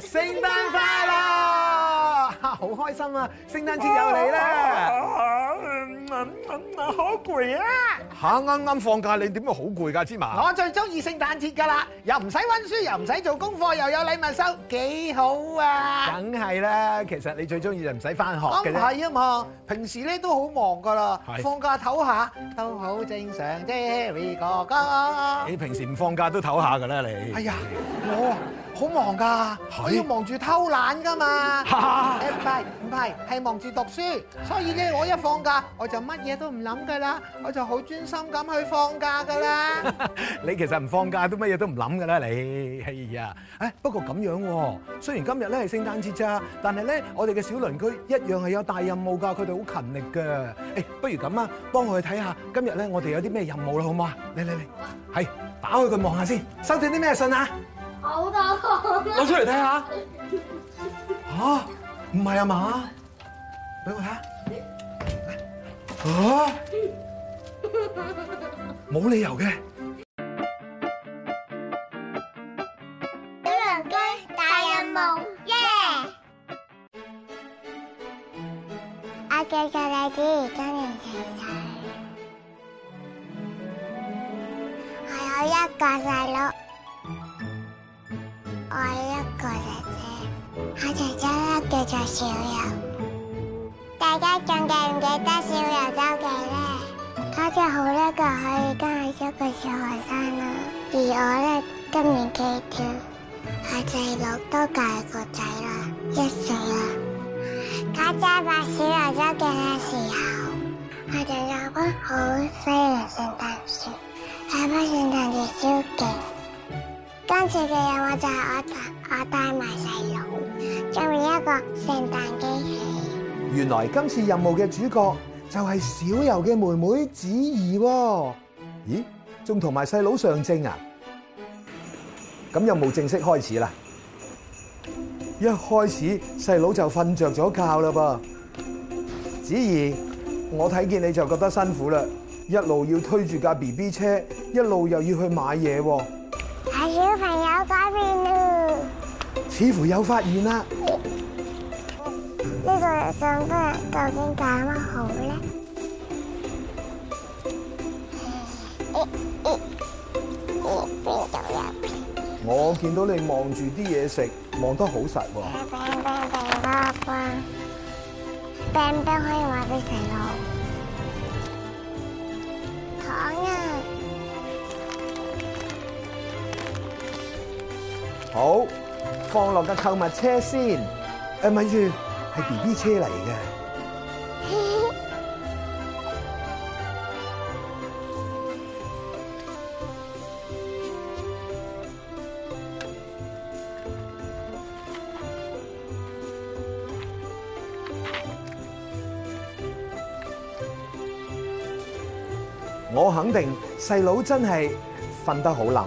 聖誕快樂嚇！好開心啊，聖誕節有你咧嚇，好攰啊嚇！啱啱放假你點會好攰㗎？芝麻，我最中意聖誕節㗎啦，又唔使溫書，又唔使做功課，又有禮物收，幾好啊！梗係啦，其實你最中意就唔使返學㗎啫。唔係啊嘛，平時咧都好忙㗎啦，放假唞下都好正常啫。你平時唔放假都唞下㗎啦，你。哎呀，我。好忙噶，我要忙住偷懶噶嘛唔係。嚇，唔係唔係，係忙住讀書。所以咧，我一放假我就乜嘢都唔諗噶啦，我就好專心咁去放假噶啦。你其實唔放假都乜嘢都唔諗噶啦，你係啊。誒不過咁樣喎，雖然今日咧係聖誕節咋，但係咧我哋嘅小鄰居一樣係有大任務噶，佢哋好勤力噶。誒，不如咁啊，幫我去睇下今日咧我哋有啲咩任務啦，好唔好啊？嚟嚟嚟，係打開佢望下先，收到啲咩信啊？攞出嚟睇下，嚇，唔係啊嘛，畀我睇下，嚇，冇理由嘅。小羊居大任務，耶！我叫著你知，今年幾歲？係我一個細佬。我一個姐姐，我姐姐咧叫做小柔，大家仲記唔記得小柔周記咧？家姐，姐好叻噶，可以而家係一個小學生啦。而我咧今年幾歲？我細佬都大個仔啦，一歲啦。家姐拍小柔周記嘅時候，我哋有班好犀利，聖誕樹，我班聖誕樹周記。今次嘅任務就係我帶我帶埋細佬做一個聖誕驚喜。原來今次任務嘅主角就係小游嘅妹妹子怡。咦？仲同埋細佬上正啊？咁有冇正式開始啦？一開始細佬就瞓着咗覺啦噃。子怡，我睇見你就覺得辛苦啦，一路要推住架 BB 車，一路又要去買嘢。係。似乎有發現啦！呢個上燈究竟咁好咧？我見到你望住啲嘢食，望得很好實喎。邊可以好。放落架購物車先。誒，咪住，係 BB 車嚟嘅。我肯定細佬真係瞓得好冧。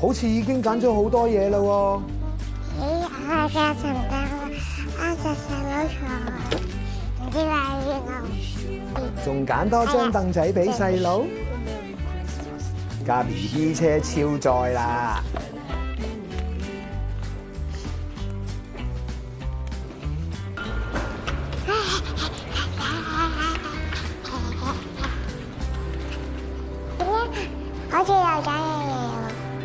好似已經揀咗好多嘢啦喎！誒，我嘅陳家，我嘅細佬坐，唔知話要唔要？仲揀多張凳仔俾細佬，架 BB 車超載啦！點呀？好似又揀。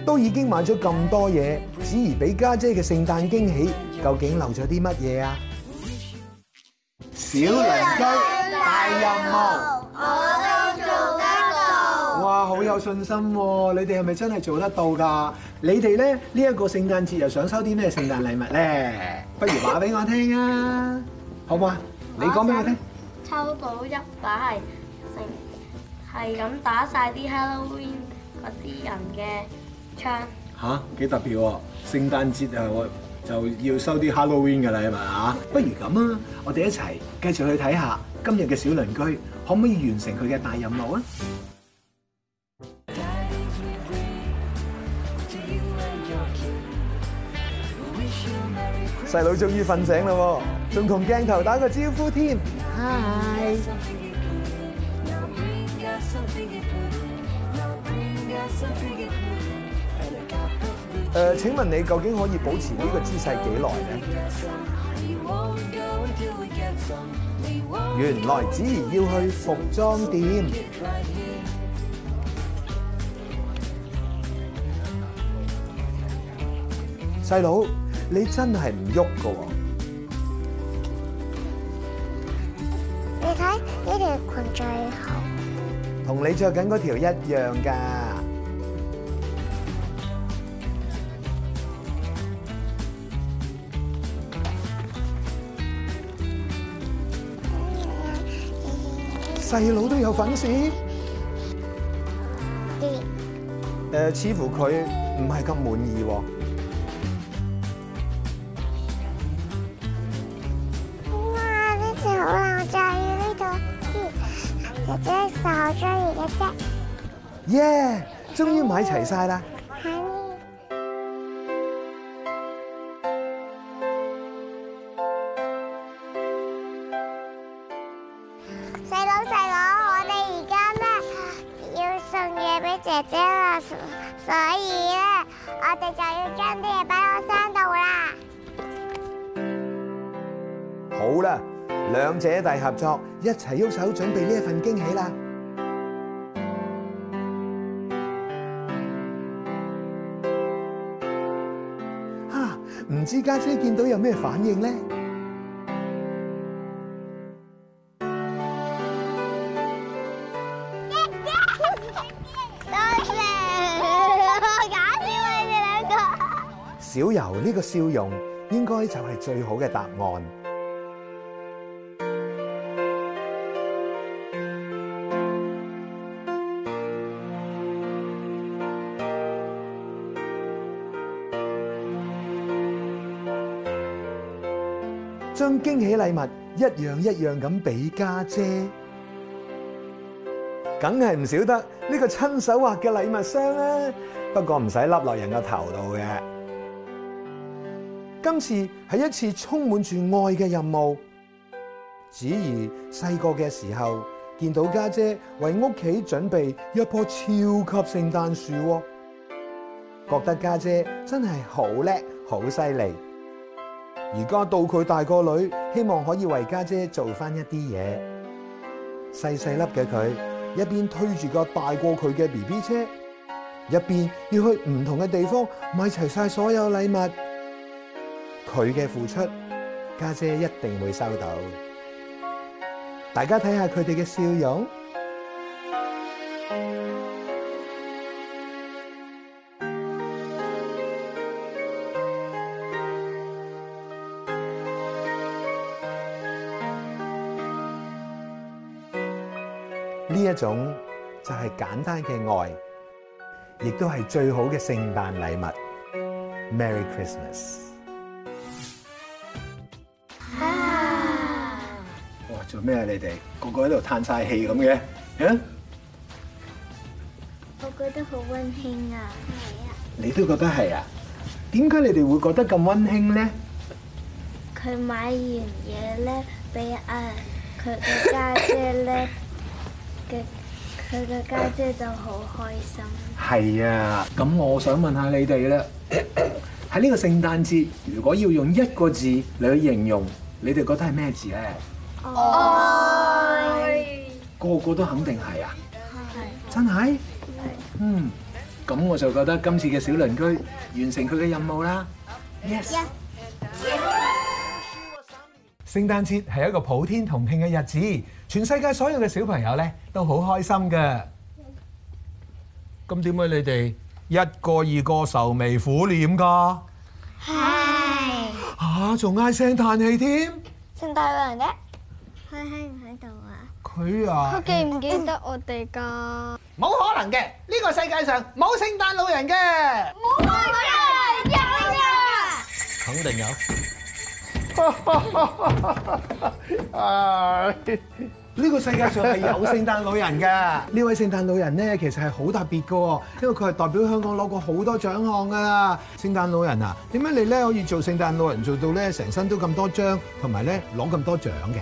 都已經買咗咁多嘢，子怡俾家姐嘅聖誕驚喜究竟留咗啲乜嘢啊？小禮包大任務，我都做得到。哇，好有信心喎！你哋係咪真係做得到㗎？你哋咧呢一個聖誕節又想收啲咩聖誕禮物咧？不如話俾我聽啊，好唔好啊？你講俾我聽，抽到一把係成係咁打晒啲 Halloween 嗰啲人嘅。吓？幾特別喎！聖誕節啊，我就要收啲 Halloween 㗎喇，係咪？不如咁啊，我哋一齊繼續去睇下今日嘅小鄰居可唔可以完成佢嘅大任務啊！細佬終於瞓醒啦，仲同鏡頭打個招呼添，Hi！Hi 誒，請問你究竟可以保持呢個姿勢幾耐咧？原來子怡要去服裝店。細佬，你真係唔喐噶？你睇呢條裙最好。同你着緊嗰條一樣噶。細佬都有粉絲，誒，似乎佢唔係咁滿意喎。哇！呢次我真係好得意，姐姐係好中意嘅啫。Yeah，終於買齊晒啦！姐姐，所以我哋就要將啲嘢擺喺山度啦。好啦，兩姐弟合作，一齊喐手準備呢一份驚喜啦。吓，唔知家姐見到有咩反應咧？小游，呢個笑容，應該就係最好嘅答案。將驚喜禮物一樣一樣咁俾家姐，梗係唔少得呢個親手畫嘅禮物箱啦。不過唔使笠落人個頭度嘅。今次係一次充滿住愛嘅任務。子怡細個嘅時候見到家姐為屋企準備一棵超級聖誕樹，覺得家姐真係好叻、好犀利。而家到佢大個女，希望可以為家姐做翻一啲嘢。細細粒嘅佢一邊推住個大過佢嘅 BB 車，一邊要去唔同嘅地方買齊晒所有禮物。佢嘅付出，家姐一定會收到。大家睇下佢哋嘅笑容，呢 一種就係簡單嘅愛，亦都係最好嘅聖誕禮物。Merry Christmas！做咩啊？你哋個個喺度嘆晒氣咁嘅啊！我覺得好溫馨啊，係啊，你都覺得係啊？點解你哋會覺得咁溫馨咧？佢買完嘢咧，俾阿佢嘅家姐咧嘅，佢嘅家姐就好開心。係啊，咁我想問下你哋啦，喺呢個聖誕節，如果要用一個字嚟去形容，你哋覺得係咩字咧？哦個個都肯定係啊，係真係，嗯，咁我就覺得今次嘅小鄰居完成佢嘅任務啦。Yes，聖誕節係一個普天同慶嘅日子，全世界所有嘅小朋友咧都好開心㗎。咁點解你哋一個二個愁眉苦臉噶？係吓，仲唉聲嘆氣添？聖誕老人嘅。佢喺唔喺度啊？佢啊！佢記唔記得我哋噶？冇、嗯嗯嗯、可能嘅，呢、這個世界上冇聖誕老人嘅。冇可能嘅，嘅！有啊！肯定有，啊，呢個世界上係有聖誕老人噶。呢 位聖誕老人咧，其實係好特別噶，因為佢係代表香港攞過好多獎項噶。聖誕老人啊，點解你咧可以做聖誕老人做到咧，成身都咁多章，同埋咧攞咁多獎嘅？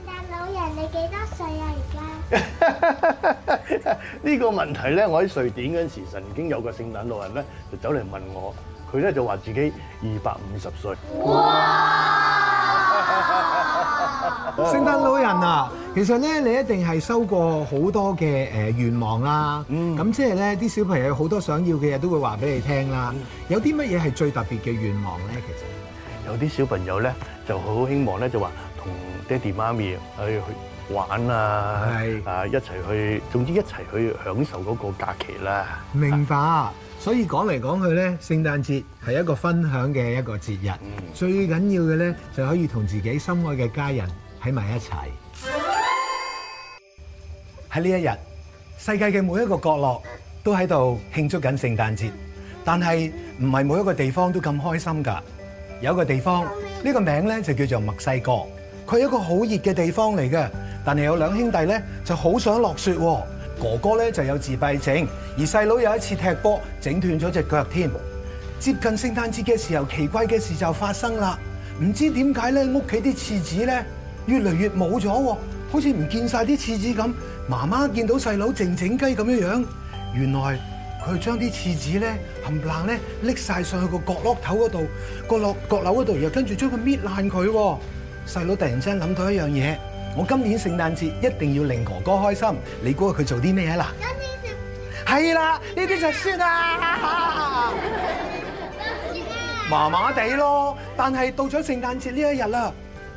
呢 個問題咧，我喺瑞典嗰陣時曾經有個聖誕老人咧，就走嚟問我，佢咧就話自己二百五十歲。哇！聖誕老人啊，其實咧你一定係收過好多嘅誒願望啦。嗯。咁即係咧啲小朋友好多想要嘅嘢都會話俾你聽啦。有啲乜嘢係最特別嘅願望咧？其實有啲小朋友咧就好希望咧就話，同爹哋媽咪去去玩啊！係啊，一齊去，總之一齊去享受嗰個假期啦。明白，所以講嚟講去咧，聖誕節係一個分享嘅一個節日，最緊要嘅咧就可以同自己心愛嘅家人喺埋一齊。喺呢一日，世界嘅每一個角落都喺度慶祝緊聖誕節，但係唔係每一個地方都咁開心㗎。有個地方，呢個名咧就叫做墨西哥。佢係一個好熱嘅地方嚟嘅，但係有兩兄弟咧就好想落雪喎。哥哥咧就有自閉症，而細佬有一次踢波整斷咗隻腳添。接近聖誕節嘅時候，奇怪嘅事就發生啦。唔知點解咧，屋企啲廁紙咧越嚟越冇咗，好似唔見晒啲廁紙咁。媽媽見到細佬靜靜雞咁樣樣，原來佢將啲廁紙咧冚冷咧拎晒上去個角落頭嗰度，角落閣樓嗰度，又跟住將佢搣爛佢。細佬突然之間諗到一樣嘢，我今年聖誕節一定要令哥哥開心。你估佢做啲咩啊嗱？有啲雪。係啦，呢啲就算啦。麻麻地咯，但係到咗聖誕節呢一日啦，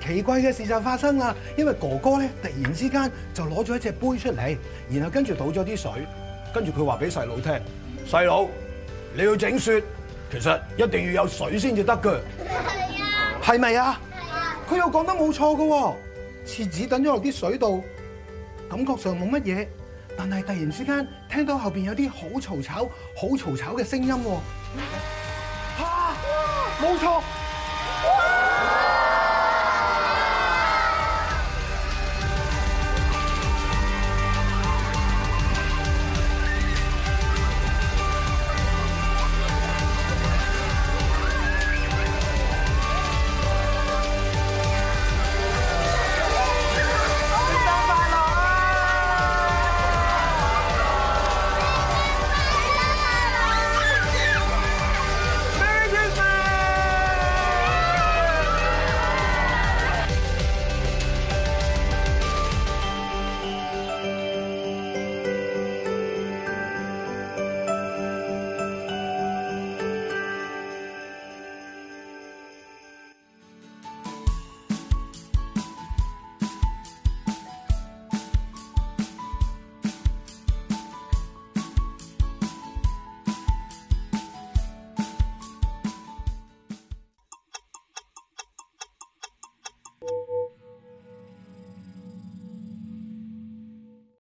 奇怪嘅事就發生啦，因為哥哥咧突然之間就攞咗一隻杯出嚟，然後跟住倒咗啲水，跟住佢話俾細佬聽：細 佬，你要整雪，其實一定要有水先至得㗎。係咪啊？佢又講得冇錯嘅喎，廁紙等咗落啲水度，感覺上冇乜嘢，但係突然之間聽到後邊有啲好嘈吵，好嘈吵嘅聲音喎，吓？冇錯。